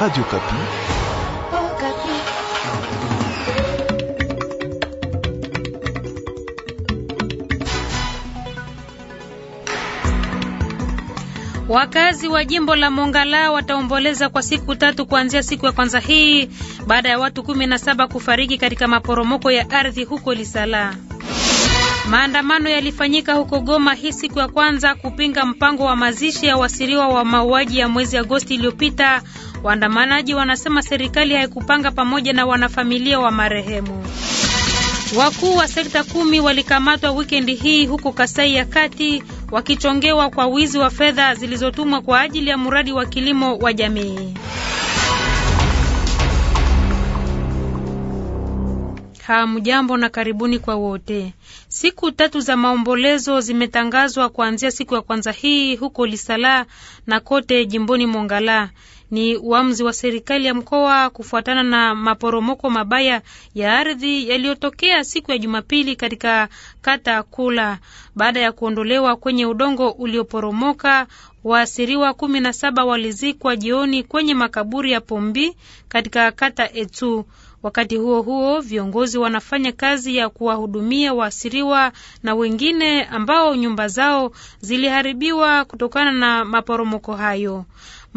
Radio Kapi. Oh, Kapi. Wakazi wa jimbo la Mongala wataomboleza kwa siku tatu kuanzia siku ya kwanza hii baada ya watu kumi na saba kufariki katika maporomoko ya ardhi huko Lisala. Maandamano yalifanyika huko Goma hii siku ya kwanza kupinga mpango wa mazishi ya wasiriwa wa mauaji ya mwezi Agosti iliyopita Waandamanaji wanasema serikali haikupanga pamoja na wanafamilia wa marehemu. Wakuu wa sekta kumi walikamatwa wikendi hii huko Kasai ya Kati wakichongewa kwa wizi wa fedha zilizotumwa kwa ajili ya mradi wa kilimo wa jamii. Hamjambo na karibuni kwa wote. Siku tatu za maombolezo zimetangazwa kuanzia siku ya kwanza hii huko Lisala na kote jimboni Mongala. Ni uamuzi wa serikali ya mkoa kufuatana na maporomoko mabaya ya ardhi yaliyotokea siku ya Jumapili katika kata Kula. Baada ya kuondolewa kwenye udongo ulioporomoka, waasiriwa kumi na saba walizikwa jioni kwenye makaburi ya Pombi katika kata Etu. Wakati huo huo, viongozi wanafanya kazi ya kuwahudumia waasiriwa na wengine ambao nyumba zao ziliharibiwa kutokana na maporomoko hayo.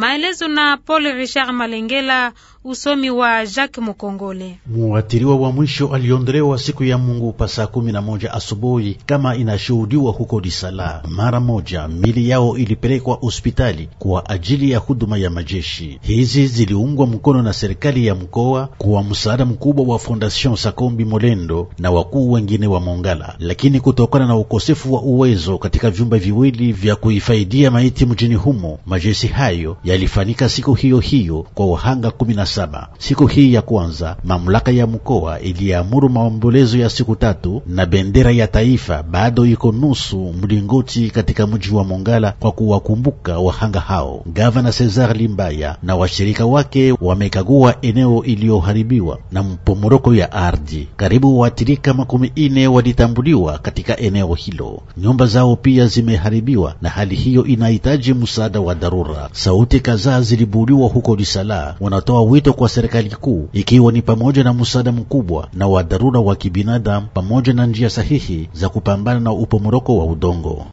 Maelezo na Paul Richard Malengela. Usomi wa Jacques Mukongole. Muathiriwa wa mwisho aliondolewa siku ya Mungu pa saa kumi na moja asubuhi kama inashuhudiwa huko Disala. Mara moja mili yao ilipelekwa hospitali kwa ajili ya huduma ya majeshi. Hizi ziliungwa mkono na serikali ya mkoa kwa msaada mkubwa wa Fondation Sakombi Molendo na wakuu wengine wa Mongala, lakini kutokana na ukosefu wa uwezo katika vyumba viwili vya kuifaidia maiti mjini humo, majeshi hayo yalifanyika siku hiyo hiyo kwa wahanga kumi na saba. Siku hii ya kwanza mamlaka ya mkoa iliamuru maombolezo ya siku tatu, na bendera ya taifa bado iko nusu mlingoti katika mji wa Mongala kwa kuwakumbuka wahanga hao. Gavana Cesar Limbaya na washirika wake wamekagua eneo iliyoharibiwa na mpomoroko ya ardhi. Karibu waathirika makumi ine walitambuliwa katika eneo hilo. Nyumba zao pia zimeharibiwa na hali hiyo inahitaji msaada wa dharura. Sauti kadhaa zilibuliwa huko Lisala, wanatoa wito wito kwa serikali kuu, ikiwa ni pamoja na msaada mkubwa na wa dharura wa kibinadamu pamoja na njia sahihi za kupambana na upomoroko wa udongo.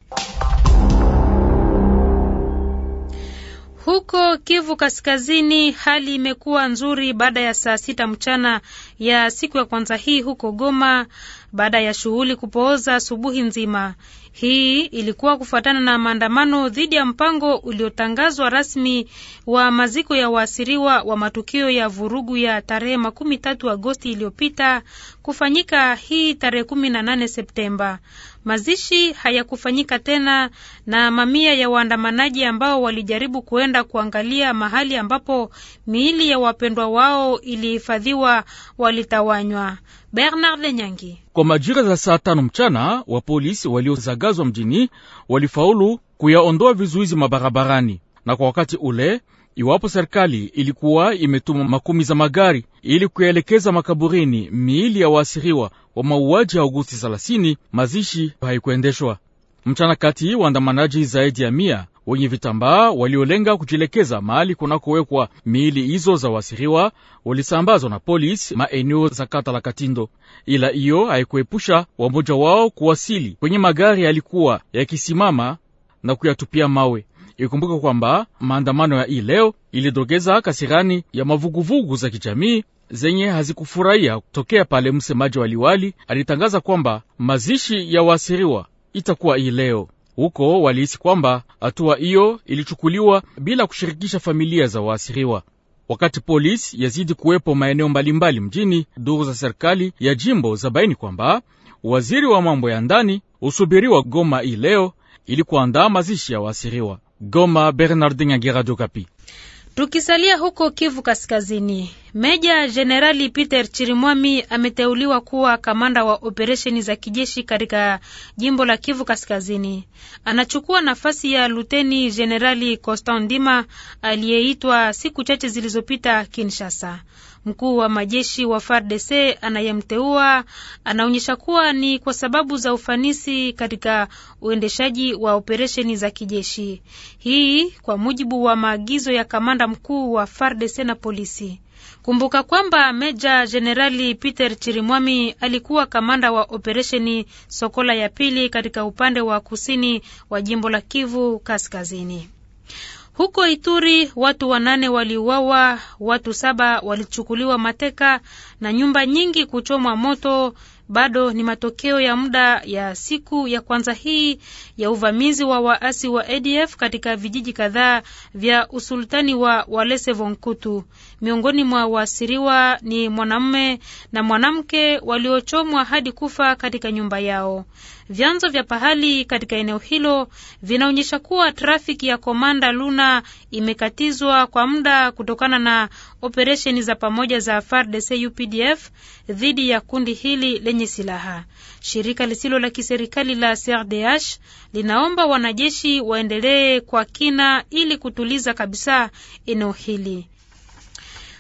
Huko Kivu Kaskazini hali imekuwa nzuri baada ya saa sita mchana ya siku ya kwanza hii huko Goma, baada ya shughuli kupooza asubuhi nzima. Hii ilikuwa kufuatana na maandamano dhidi ya mpango uliotangazwa rasmi wa maziko ya waasiriwa wa matukio ya vurugu ya tarehe makumi tatu Agosti iliyopita kufanyika hii tarehe kumi na nane Septemba. Mazishi hayakufanyika tena na mamia ya waandamanaji ambao walijaribu kuenda kuangalia mahali ambapo miili ya wapendwa wao ilihifadhiwa walitawanywa. Bernard Nyangi. Kwa majira za saa tano mchana wa waliozagazwa mjini walifaulu kuyaondoa vizuizi mabarabarani, na kwa wakati ule iwapo serikali ilikuwa imetuma makumi za magari ili kuyaelekeza makaburini miili ya waasiriwa wa mauaji ya Agosti 30, mazishi haikuendeshwa mchana kati. Waandamanaji zaidi ya mia wenye vitambaa waliolenga kujielekeza mahali kunakowekwa miili hizo za wasiriwa walisambazwa na polisi maeneo za kata la Katindo, ila hiyo haikuepusha wamoja wao kuwasili kwenye magari yalikuwa yakisimama na kuyatupia mawe. Ikumbuka kwamba maandamano ya hii leo ilidogeza kasirani ya mavuguvugu za kijamii zenye hazikufurahia tokea pale msemaji wa liwali alitangaza kwamba mazishi ya waasiriwa itakuwa hii leo. Huko walihisi kwamba hatua hiyo ilichukuliwa bila kushirikisha familia za waasiriwa. Wakati polisi yazidi kuwepo maeneo mbalimbali mjini, duru za serikali ya jimbo zabaini kwamba waziri wa mambo ya ndani husubiriwa Goma hii leo ili kuandaa mazishi ya waasiriwa. Goma, Bernardin Nyangira, Radio Okapi. Tukisalia huko Kivu Kaskazini, Meja Jenerali Peter Chirimwami ameteuliwa kuwa kamanda wa operesheni za kijeshi katika jimbo la Kivu Kaskazini. Anachukua nafasi ya Luteni Jenerali Constant Ndima aliyeitwa siku chache zilizopita Kinshasa. Mkuu wa majeshi wa FARDC anayemteua anaonyesha kuwa ni kwa sababu za ufanisi katika uendeshaji wa operesheni za kijeshi. Hii kwa mujibu wa maagizo ya kamanda mkuu wa FARDC na polisi. Kumbuka kwamba Meja Jenerali Peter Chirimwami alikuwa kamanda wa operesheni Sokola ya pili katika upande wa kusini wa jimbo la Kivu Kaskazini. Huko Ituri watu wanane waliuawa, watu saba walichukuliwa mateka na nyumba nyingi kuchomwa moto. Bado ni matokeo ya muda ya siku ya kwanza hii ya uvamizi wa waasi wa ADF katika vijiji kadhaa vya usultani wa Walese Vonkutu. Miongoni mwa waasiriwa ni mwanamume na mwanamke waliochomwa hadi kufa katika nyumba yao. Vyanzo vya pahali katika eneo hilo vinaonyesha kuwa trafiki ya Komanda Luna imekatizwa kwa muda kutokana na operesheni za pamoja za FARDC UPDF dhidi ya kundi hili lenye silaha. Shirika lisilo la kiserikali la CRDH linaomba wanajeshi waendelee kwa kina ili kutuliza kabisa eneo hili.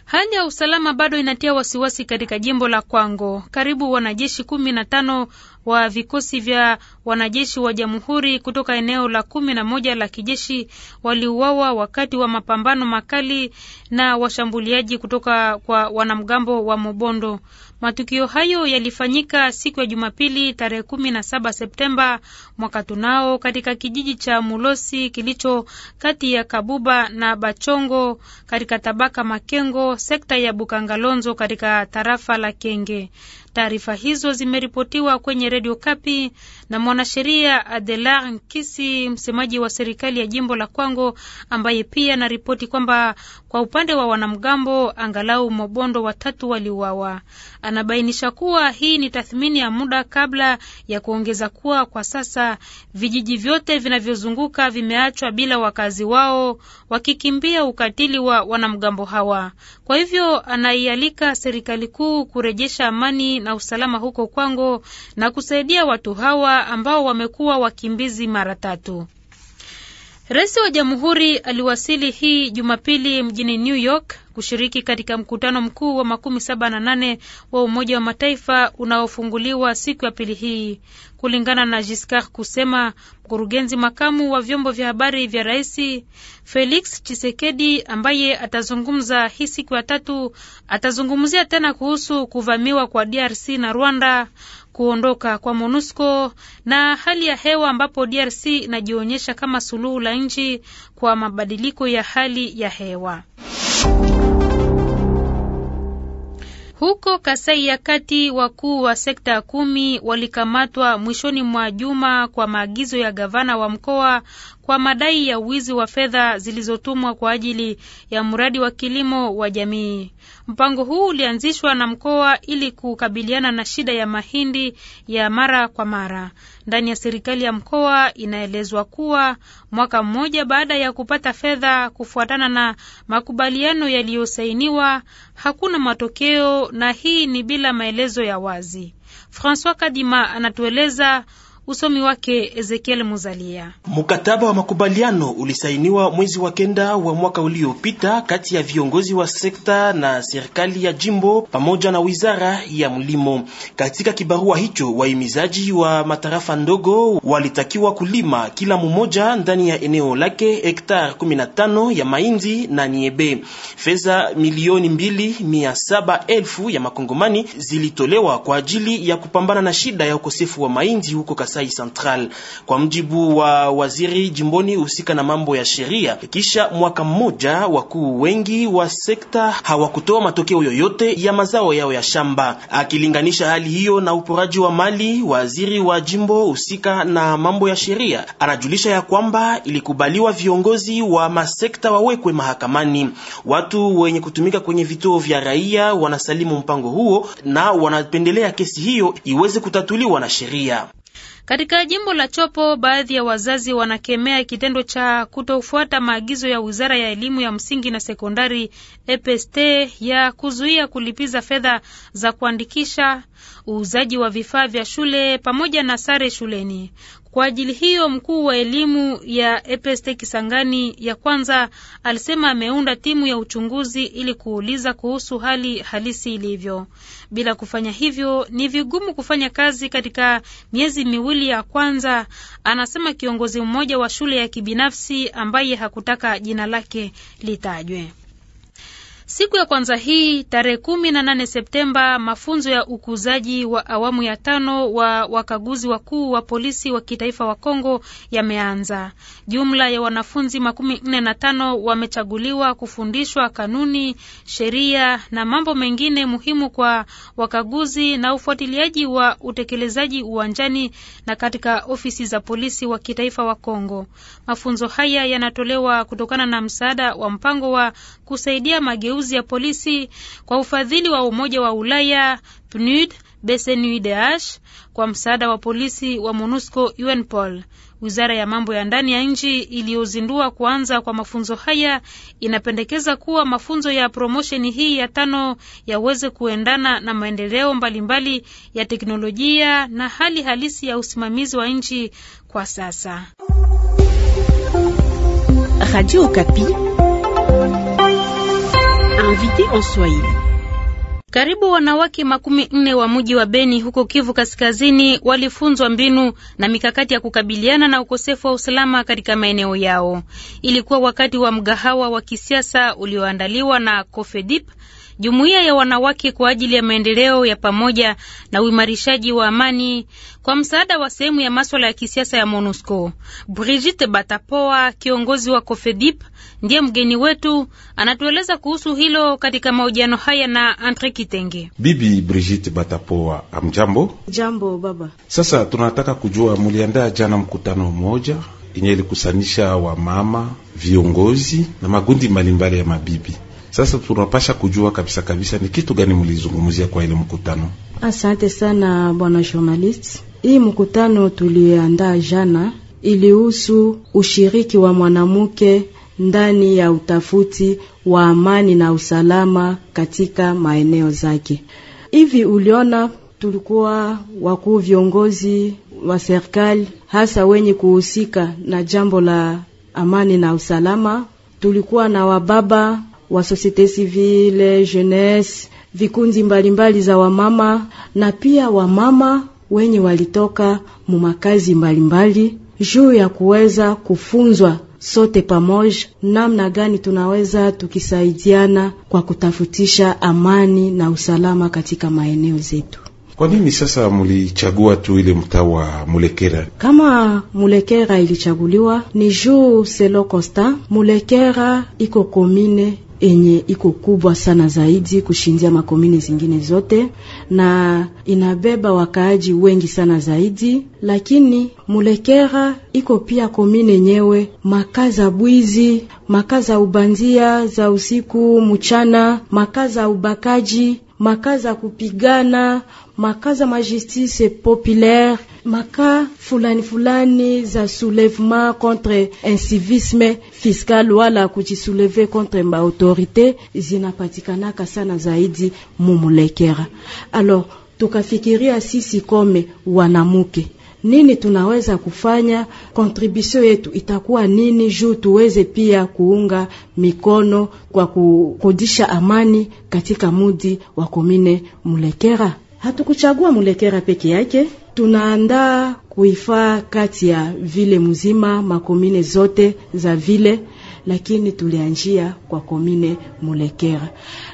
Hali ya usalama bado inatia wasiwasi katika jimbo la Kwango. Karibu wanajeshi kumi na tano wa vikosi vya wanajeshi wa jamhuri kutoka eneo la kumi na moja la kijeshi waliuawa wakati wa mapambano makali na washambuliaji kutoka kwa wanamgambo wa Mobondo. Matukio hayo yalifanyika siku ya Jumapili tarehe kumi na saba Septemba mwaka tunao katika kijiji cha Mulosi kilicho kati ya Kabuba na Bachongo katika tabaka Makengo, sekta ya Bukangalonzo katika tarafa la Kenge. Taarifa hizo zimeripotiwa kwenye redio Kapi na mwanasheria Adelar Nkisi, msemaji wa serikali ya jimbo la Kwango, ambaye pia anaripoti kwamba kwa upande wa wanamgambo angalau Mobondo watatu waliuawa. Anabainisha kuwa hii ni tathmini ya muda kabla ya kuongeza kuwa kwa sasa vijiji vyote vinavyozunguka vimeachwa bila wakazi wao, wakikimbia ukatili wa wanamgambo hawa. Kwa hivyo anaialika serikali kuu kurejesha amani na usalama huko Kwango na kusaidia watu hawa ambao wamekuwa wakimbizi mara tatu. Rais wa jamhuri aliwasili hii Jumapili mjini New York kushiriki katika mkutano mkuu wa makumi saba na nane wa Umoja wa Mataifa unaofunguliwa siku ya pili hii, kulingana na Giscard kusema mkurugenzi makamu wa vyombo vya habari vya rais Felix Chisekedi ambaye atazungumza hii siku ya tatu. Atazungumzia tena kuhusu kuvamiwa kwa DRC na Rwanda, kuondoka kwa MONUSCO na hali ya hewa ambapo DRC inajionyesha kama suluhu la nchi kwa mabadiliko ya hali ya hewa. Huko Kasai ya Kati, wakuu wa sekta kumi walikamatwa mwishoni mwa juma kwa maagizo ya gavana wa mkoa kwa madai ya wizi wa fedha zilizotumwa kwa ajili ya mradi wa kilimo wa jamii. Mpango huu ulianzishwa na mkoa ili kukabiliana na shida ya mahindi ya mara kwa mara. Ndani ya serikali ya mkoa inaelezwa kuwa mwaka mmoja baada ya kupata fedha kufuatana na makubaliano yaliyosainiwa, hakuna matokeo na hii ni bila maelezo ya wazi. François Kadima anatueleza Usomi wake Ezekiel Muzalia. Mkataba wa makubaliano ulisainiwa mwezi wa kenda wa mwaka uliopita kati ya viongozi wa sekta na serikali ya jimbo pamoja na wizara ya mlimo. Katika kibarua hicho, wahimizaji wa matarafa ndogo walitakiwa kulima kila mmoja ndani ya eneo lake hektar 15 ya mahindi na niebe. Fedha milioni mbili mia saba elfu ya makongomani zilitolewa kwa ajili ya kupambana na shida ya ukosefu wa mahindi huko Kasai Central, kwa mjibu wa waziri jimboni husika na mambo ya sheria. Kisha mwaka mmoja, wakuu wengi wa sekta hawakutoa matokeo yoyote ya mazao yao ya shamba. Akilinganisha hali hiyo na uporaji wa mali, waziri wa jimbo husika na mambo ya sheria anajulisha ya kwamba ilikubaliwa viongozi wa masekta wawekwe mahakamani. Watu wenye kutumika kwenye vituo vya raia wanasalimu mpango huo na wanapendelea kesi hiyo iweze kutatuliwa na sheria. Katika jimbo la Chopo, baadhi ya wazazi wanakemea kitendo cha kutofuata maagizo ya wizara ya elimu ya msingi na sekondari EPST ya kuzuia kulipiza fedha za kuandikisha uuzaji wa vifaa vya shule pamoja na sare shuleni. Kwa ajili hiyo mkuu wa elimu ya EPST Kisangani ya kwanza alisema ameunda timu ya uchunguzi ili kuuliza kuhusu hali halisi ilivyo. Bila kufanya hivyo, ni vigumu kufanya kazi katika miezi miwili ya kwanza, anasema kiongozi mmoja wa shule ya kibinafsi ambaye hakutaka jina lake litajwe. Siku ya kwanza hii tarehe kumi na nane Septemba, mafunzo ya ukuzaji wa awamu ya tano wa wakaguzi wakuu wa polisi wa kitaifa wa Kongo yameanza. Jumla ya wanafunzi makumi nne na tano wamechaguliwa kufundishwa kanuni, sheria na mambo mengine muhimu kwa wakaguzi na ufuatiliaji wa utekelezaji uwanjani na katika ofisi za polisi wa kitaifa wa Kongo. Mafunzo haya yanatolewa kutokana na msaada wa mpango wa kusaidia mageuzi mageuzi ya polisi kwa ufadhili wa Umoja wa Ulaya PNUD BCNUDH kwa msaada wa polisi wa MONUSCO UNPOL. Wizara ya mambo ya ndani ya nchi iliyozindua kuanza kwa mafunzo haya inapendekeza kuwa mafunzo ya promosheni hii ya tano yaweze kuendana na maendeleo mbalimbali mbali ya teknolojia na hali halisi ya usimamizi wa nchi kwa sasa. Radio Invité en Swahili. Karibu wanawake makumi nne wa mji wa Beni huko Kivu Kaskazini walifunzwa mbinu na mikakati ya kukabiliana na ukosefu wa usalama katika maeneo yao. Ilikuwa wakati wa mgahawa wa kisiasa ulioandaliwa na Cofedip jumuiya ya wanawake kwa ajili ya maendeleo ya pamoja na uimarishaji wa amani kwa msaada wa sehemu ya maswala ya kisiasa ya MONUSCO. Brigitte Batapoa, kiongozi wa COFEDIP, ndiye mgeni wetu, anatueleza kuhusu hilo katika mahojiano haya na Andre Kitenge. Bibi Brigitte Batapoa, amjambo. Jambo baba. Sasa tunataka kujua muliandaa jana mkutano mmoja inye ilikusanisha wamama, viongozi na magundi mbalimbali ya mabibi sasa tunapasha kujua kabisa kabisa ni kitu gani mlizungumzia kwa ile mkutano. Asante sana bwana journalist. Hii mkutano tuliandaa jana ilihusu ushiriki wa mwanamke ndani ya utafuti wa amani na usalama katika maeneo zake. Hivi uliona, tulikuwa wakuu viongozi wa serikali hasa wenye kuhusika na jambo la amani na usalama, tulikuwa na wababa wa societe civile, jeunesse, vikundi mbalimbali za wamama na pia wamama wenye walitoka mu makazi mbalimbali juu ya kuweza kufunzwa sote pamoja namna gani tunaweza tukisaidiana kwa kutafutisha amani na usalama katika maeneo zetu. Kwa nini sasa mulichagua tu ile mtaa wa Mulekera? Kama Mulekera ilichaguliwa ni juu selo Costa. Mulekera iko komine enye iko kubwa sana zaidi kushindia makomini zingine zote, na inabeba wakaaji wengi sana zaidi. Lakini Mulekera iko pia komini yenyewe makaa za bwizi, makaa za ubandia za usiku mchana, makaa za ubakaji, makaa za kupigana za majustice populaire maka fulani fulani za soulèvement contre incivisme fiscal wala kujisouleve contre maautorite zinapatikanaka sana zaidi Mumulekera. Alors tukafikiria sisi kome wanamuke nini tunaweza kufanya, kontribusio yetu itakuwa nini juu tuweze pia kuunga mikono kwa kukodisha amani katika mudi wa komine Mulekera. Hatukuchagua Mulekera peke yake, tunaandaa kuifaa kati ya vile mzima makomine zote za vile lakini tulianjia kwa komine Mulekera,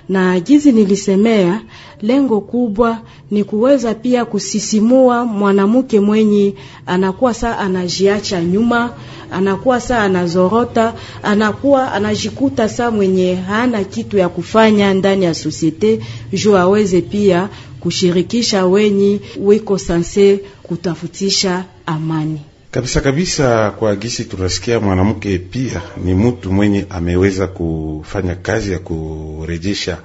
na jizi nilisemea, lengo kubwa ni kuweza pia kusisimua mwanamke mwenye anakuwa saa anajiacha nyuma, anakuwa saa anazorota, anakuwa anajikuta saa mwenye hana kitu ya kufanya ndani ya sosiete, juu aweze pia kushirikisha wenye wiko sanse kutafutisha amani kabisa kabisa. Kwa gisi tunasikia, mwanamke pia ni mtu mwenye ameweza kufanya kazi ya kurejesha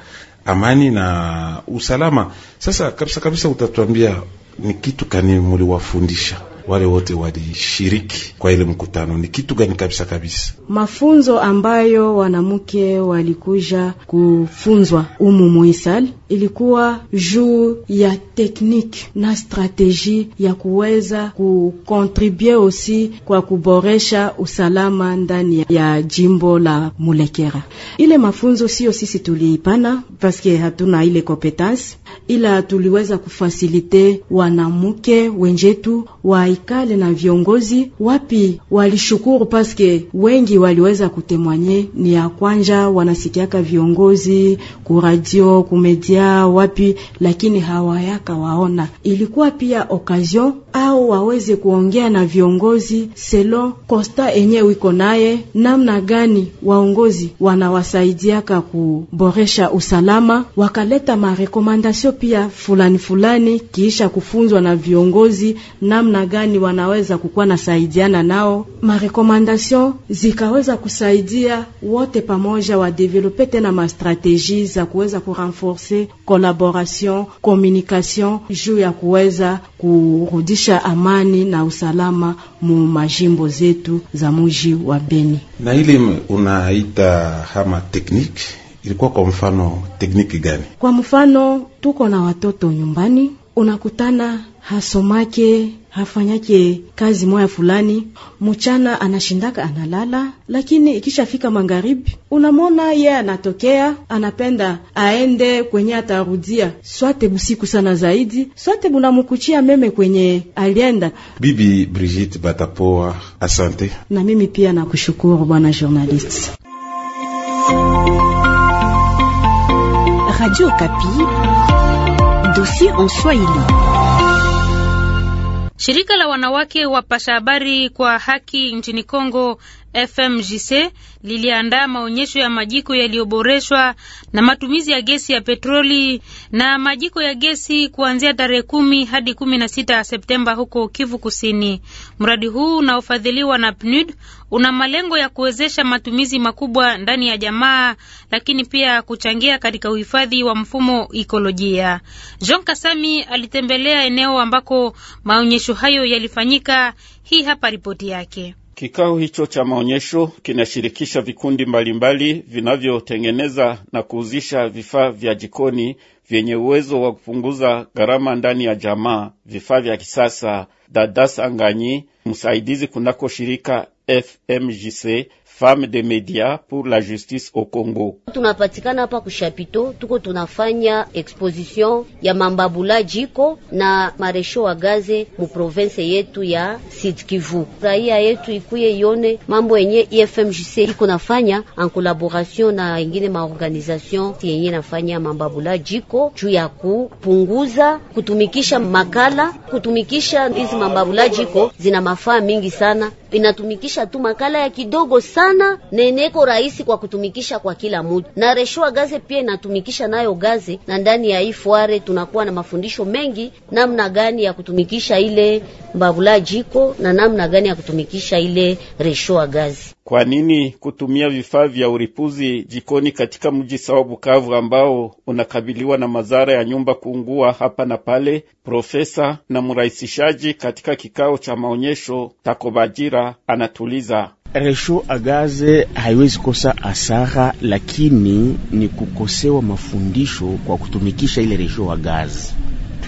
amani na usalama. Sasa kabisa kabisa, utatuambia ni kitu gani muliwafundisha wale wote walishiriki kwa ile mkutano, ni kitu gani kabisa kabisa? Mafunzo ambayo wanamke walikuja kufunzwa umu muisal ilikuwa juu ya tekniki na strateji ya kuweza kukontribue osi kwa kuboresha usalama ndani ya jimbo la Mulekera. Ile mafunzo sio sisi tuliipana paske hatuna ile kompetence, ila tuliweza kufasilite wanamuke wenjetu waikale na viongozi wapi walishukuru, paske wengi waliweza kutemwanye ni ya kwanja wanasikiaka viongozi kuradio kumedia walitembea wapi, lakini hawayaka waona. Ilikuwa pia okasion au waweze kuongea na viongozi selo kosta enye wiko naye, namna gani waongozi wanawasaidiaka kuboresha usalama, wakaleta marekomandasio pia fulani fulani, kiisha kufunzwa na viongozi namna gani wanaweza kukuwa nasaidiana nao. Marekomandasio zikaweza kusaidia wote pamoja wadevelope tena mastrateji za kuweza kurenforce collaboration, communication juu ya kuweza kurudisha amani na usalama mu majimbo zetu za muji wa Beni. Na ile unaita hama tekniki ilikuwa kwa mfano tekniki gani? Kwa mfano tuko na watoto nyumbani, unakutana hasomake hafanyake kazi moya fulani, mchana anashindaka analala, lakini ikishafika magharibi unamwona ye anatokea, anapenda aende kwenye atarudia swate busiku sana zaidi, swate bunamukuchia meme kwenye alienda. Bibi Brigitte Batapoa, asante. Na mimi pia nakushukuru bwana journalist. Radio Kapi, dossier en Swahili. Shirika la wanawake wapasha habari kwa haki nchini Kongo FMJC liliandaa maonyesho ya majiko yaliyoboreshwa na matumizi ya gesi ya petroli na majiko ya gesi kuanzia tarehe kumi hadi kumi na sita Septemba huko Kivu Kusini. Mradi huu unaofadhiliwa na PNUD una malengo ya kuwezesha matumizi makubwa ndani ya jamaa, lakini pia kuchangia katika uhifadhi wa mfumo ikolojia. Jean Kasami alitembelea eneo ambako maonyesho hayo yalifanyika. Hii hapa ripoti yake. Kikao hicho cha maonyesho kinashirikisha vikundi mbalimbali vinavyotengeneza na kuuzisha vifaa vya jikoni vyenye uwezo wa kupunguza gharama ndani ya jamaa, vifaa vya kisasa. Dadas Anganyi, msaidizi kunako shirika FMJC, femme de media pour la justice au Congo. Tunapatikana hapa kushapito, tuko tunafanya exposition ya mambabula jiko na maresho wa gaze mu province yetu ya Sud Kivu. Raia yetu ikuye ione mambo yenye IFMJC e iko nafanya en collaboration na ingine maorganisation yenye nafanya mambabula jiko juu ya kupunguza kutumikisha makala, kutumikisha hizi mambabula jiko zina mafaa mingi sana inatumikisha tu makala ya kidogo sana, neneko rahisi kwa kutumikisha kwa kila mtu. na reshua gaze pia inatumikisha nayo gaze, na ndani ya ifware tunakuwa na mafundisho mengi namna gani ya kutumikisha ile mbavula jiko na namna gani ya kutumikisha ile reshua gazi. Kwa nini kutumia vifaa vya uripuzi jikoni katika mji sawa Bukavu ambao unakabiliwa na madhara ya nyumba kuungua hapa na pale? Profesa na mrahisishaji katika kikao cha maonyesho Takobajira anatuliza Resho Agaze haiwezi kosa asara, lakini ni kukosewa mafundisho kwa kutumikisha ile Resho Agaze.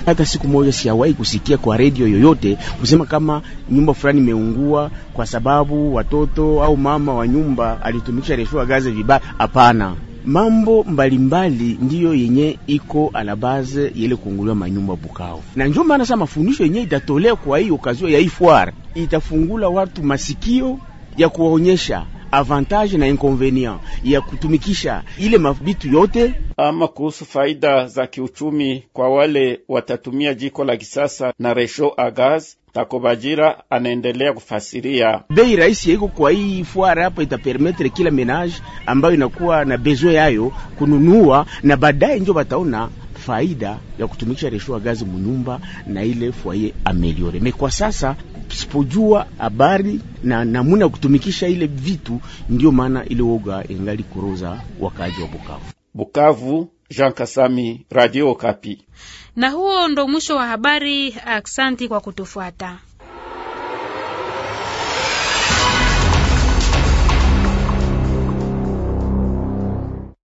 Hata siku moja siawahi kusikia kwa redio yoyote kusema kama nyumba fulani imeungua kwa sababu watoto au mama wa nyumba alitumikisha Resho Agaze vibaya. Hapana mambo mbalimbali ndiyo yenye iko alabaze yele kuongolewa manyumba Bukavu, na njo maana sa mafundisho yenye itatolea kwa hii okazio ya ifwara itafungula watu masikio ya kuwaonyesha avantage na inconvenient ya kutumikisha ile mabitu yote, ama kuhusu faida za kiuchumi kwa wale watatumia jiko la kisasa na resho a gaz Takobajira anaendelea kufasiria bei rahisi yaiko kwa hii fuara hapa itapermetre kila menage ambayo inakuwa na besoin yayo kununua, na baadaye njo bataona faida ya kutumikisha reshua gazi munyumba na ile foyer ameliore. Me kwa sasa sipojua habari na namuna ya kutumikisha ile vitu, ndio maana ile woga ingali kuroza wakaaji wa Bukavu. Bukavu Jean Kasami, Radio Kapi. Na huo ndo mwisho wa habari. Aksanti kwa kutufuata.